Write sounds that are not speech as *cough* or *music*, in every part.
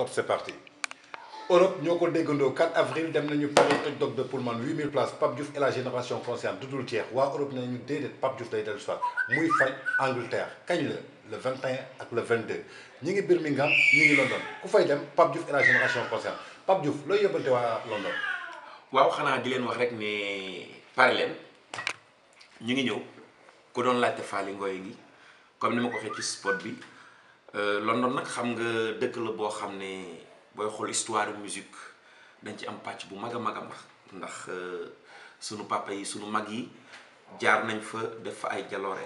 top c'est parti Europe ñoo ko 4 avril dem nañu Paris toj dog de Pullman 8000 places Pape Diouf et la génération consciente dudul jeex waa Europe nous nañu déedéet Pape Diouf day dellu soit muy faj Angleterre kañ la le 21 ak le 22 ñi ngi Birmingham ñi ngi London ku fay dem Pape Diouf et la génération française. Pape Diouf looy yóbbante waa London waaw xanaa di leen wax rek ne pare Nous ñu ngi ñëw ku doon laajte faali ngooy gi comme ni ma ko waxee ci sport bi Euh, London nak xam nga deug la bo xamne ne xol xool histoire musique dañ ci am patch bu maga maga mag a ndax euh, sunu papa yi sunu mag yi jaar nañ fa def fa ay jaloré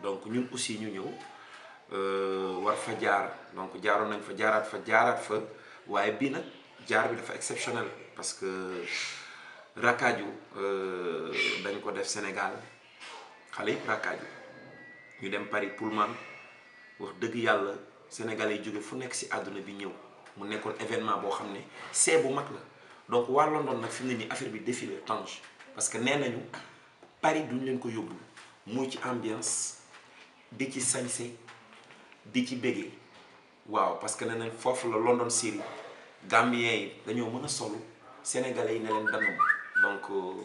donc ñun aussi ñu euh war fa jaar donc jaaroon nañ fa jaarat fa jaarat fa waye bi nak jaar bi dafa exceptionnel parce que Rakaju euh, dañ ko def Sénégal xalé Rakaju ñu dem Paris Pullman wax deug yalla sénégalais yi jóge fu nek ci aduna bi ñew mu nekkon événement bo xamné c'est bu mag la donc waa London nag fi mu ne affaire bi défilé Tange parce que nee Paris duñ leen ko yobbu moy ci ambiance di ci sañse di ci bége waaw parce que nee nañ la London série Gambien yi dañoo mën a sénégalais yi ne leen danam donc euh,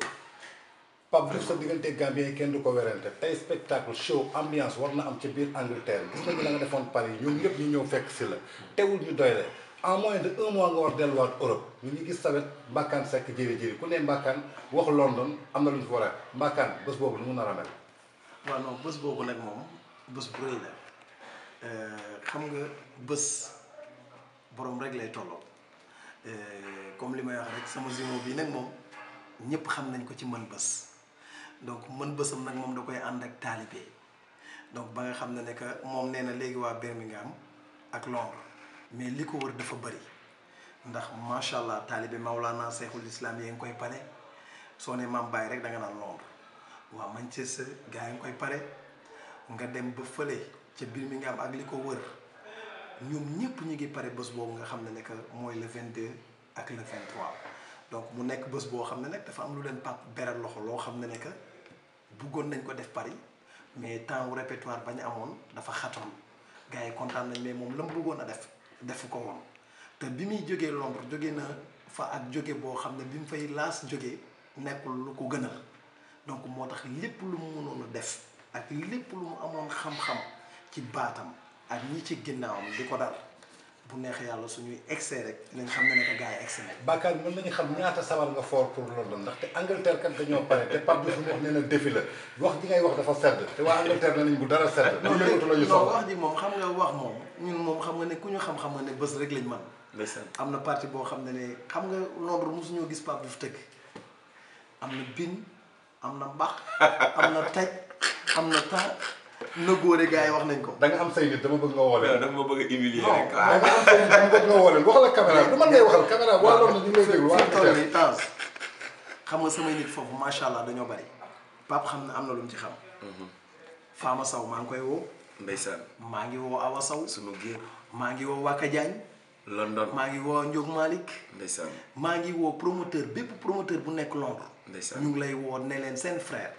Pape Diouf sa diggante Gambien kenn du ko werante tey spectacle show ambiance war na am ca biir Angleterre gis nañu la nga defoon Paris ñoom ñëpp ñu ñëw fekk si la teewul ñu doy la en moins de un mois nga war delluwaat Europe ñu ngi gis sawet Mbakane sekk jëri jëri ku ne Mbakane wax London am na lu ñu fa war a Mbakane bés boobu lu mu nar a mel. waa non bës boobu nag moom bës bu rëy euh, xam nga bës boroom rek lay tolloo euh, comme li may wax sama zéro bi nag moom ñëpp xam nañ ko ci mën bés. donc mën bësam nag moom da koy ànd ak taalibe donc ba nga xam ne ne que moom nee na léegi waa Birmingham ak Londres mais li ko wër dafa bari ndax macha allah taalibe Maulana Seexul Islam yi ngi koy pare soo ne maam Baye rek danga nga naan Londres waa Manchester gaa yi ngi koy pare nga dem ba fële ca Birmingham ak li ko wër ñoom ñëpp ñu ngi pare bés boobu nga xam ne ne que mooy vingt 22 ak le 23. donc mu nekk bés boo xam ne nag dafa am lu leen pap beral loxo loo xam ne ne buggoon nañ ko def Paris mais temps wu répertoire bañ amoon dafa xatoon gars yi kontaan nañ mais moom la mu bëggoon a def defu ko woon te bi muy jógee Londres jóge na fa ak jóge boo xam ne bi mu fay laas jógee nekkul lu ko gënal donc moo tax lépp lu mu mënoon a def ak lépp lu mu amoon xam-xam ci baatam ak ñi ci ginnaawam di ko dal bu neexee yàlla suñuy excès rek dinañ xam ne naka gars yi excès nañ. Bakar mën nañu xam ñaata sabar nga fort pour London ndaxte Angleterre kat dañoo pare te Pape Diouf wax nee na défi la wax ji ngay wax dafa sedd te waa Angleterre nañ bu dara sedd. lu yëngatu la ñu soxla non wax ji moom xam nga wax moom ñun moom xam nga ne ku ñu xam xam nga ne bés rek lañ mën. ndeysaan am na parti boo xam ne ne xam nga Londres mosuñoo gis Pape Diouf tëgg am na bin am na mbax am na taj am na taar. na góore gars yi wax nañ ko. danga am say nit dama bëgg nga woo dama bëgg da nga am say nit dama bëgg nga man ngay waxal caméra tool yi temps xam nga samay nit foofu macha allah dañoo bari. Pape xam na am na lu mu ci xam. Mhm. Fama Sow maa ngi koy woo. ndeysaan maa ngi woo Awa Sow. sunu géer maa ngi woo Waka Diagne. London maa ngi woo Ndiog Malick. ndeysaan maa ngi woo promoteur bépp promoteur bu nekk Londres. ndeysaan ñu ngi lay woo ne leen seen frère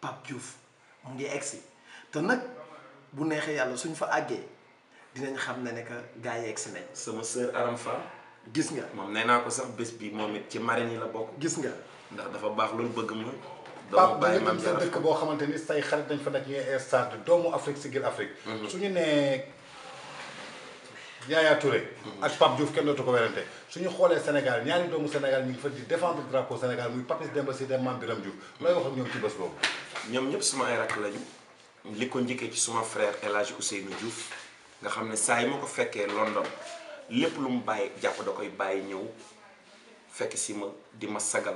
Pape Diouf mu ngi egsi nak bu nexé yalla suñ fa dinañ xam que gars un sama sœur Aram gis nga mom néna ko sax bi la gis nga ndax dafa bëgg ma. sa dëkk say dañ fa doomu Afrique Afrique. Mhm. Yaya Touré. Mhm. ak Pape Diouf kenn ko Sénégal doomu Sénégal ñu fa di défendre drapeau Sénégal muy Papis Demba Cissé Diouf lay wax ak ci li ko njëkkee ci suma frère El Hadj Ousseynou Diouf nga xam ne saa yi ma ko fekkee London lépp lu mu bàyyi jàpp da koy bàyyi ñëw fekk si ma di ma sagal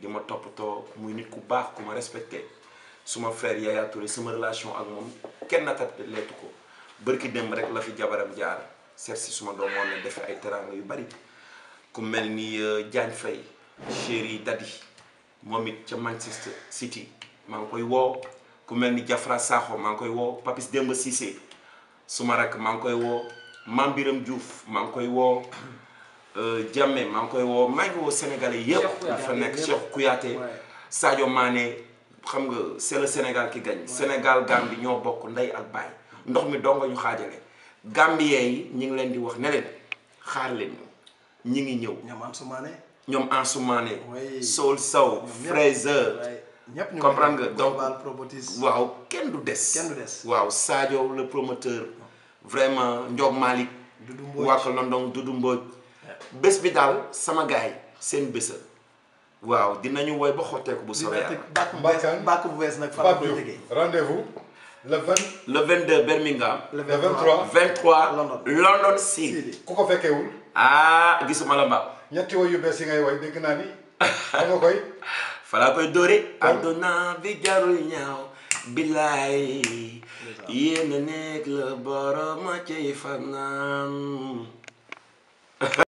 di ma toppatoo muy nit ku baax ku ma respecté suma frère Yaya Touré sama relation ak moom kenn natat leetu ko bërki dem rek la fi jabaram jaar seet si suma doom moom ne defe ay teraanga yu bari ku mel nii euh, Diagne Faye chéri Dadi moom it ca Manchester City maa ngi koy woo ku mel ni Jafra Sakho maa ngi koy woo Papis Demba Cissé suma rakk maa ngi koy woo Mame Biram Diouf maa ngi koy woo euh, Jamme maa ngi koy woo maa ngi woo sénégalais yëpp ñu fa nekk Cheikh Kouyaté Sadio Mané xam nga c'est le Sénégal qui gagne Sénégal Gambie ñoo bokk ndey ak baay ndox mi donga ñu xaajale Gambien yi ñu ngi leen di wax ne leen xaar leen ñu ngi ñëw ñoom Ansoumane ñoom Ansoumane Soul ñëpp ñu comprendre nga donc waaw kenn du des. kenn du des waaw Sadio le promoteur vraiment Ndiog Malik Dudu Mbodj waa London Dudu Mbodj. bés bi daal sama gars yi seen bésal. waaw dinañu woy ba xotteeku bu soobee yàlla. bàkk bàkk bu bees nag. Pape Diouf rendez-vous. le 20 le 22 Birmingham. le 23 23 London London City. ku ko fekkeewul. ah gisuma la mbaa. ñetti woy yu bees yi ngay woy dégg n'a ni. da nga koy. *laughs* falaa koy dóore adduna bi jarul ñaaw bilaay yéen a nekk la borom ma cay fanaan *laughs*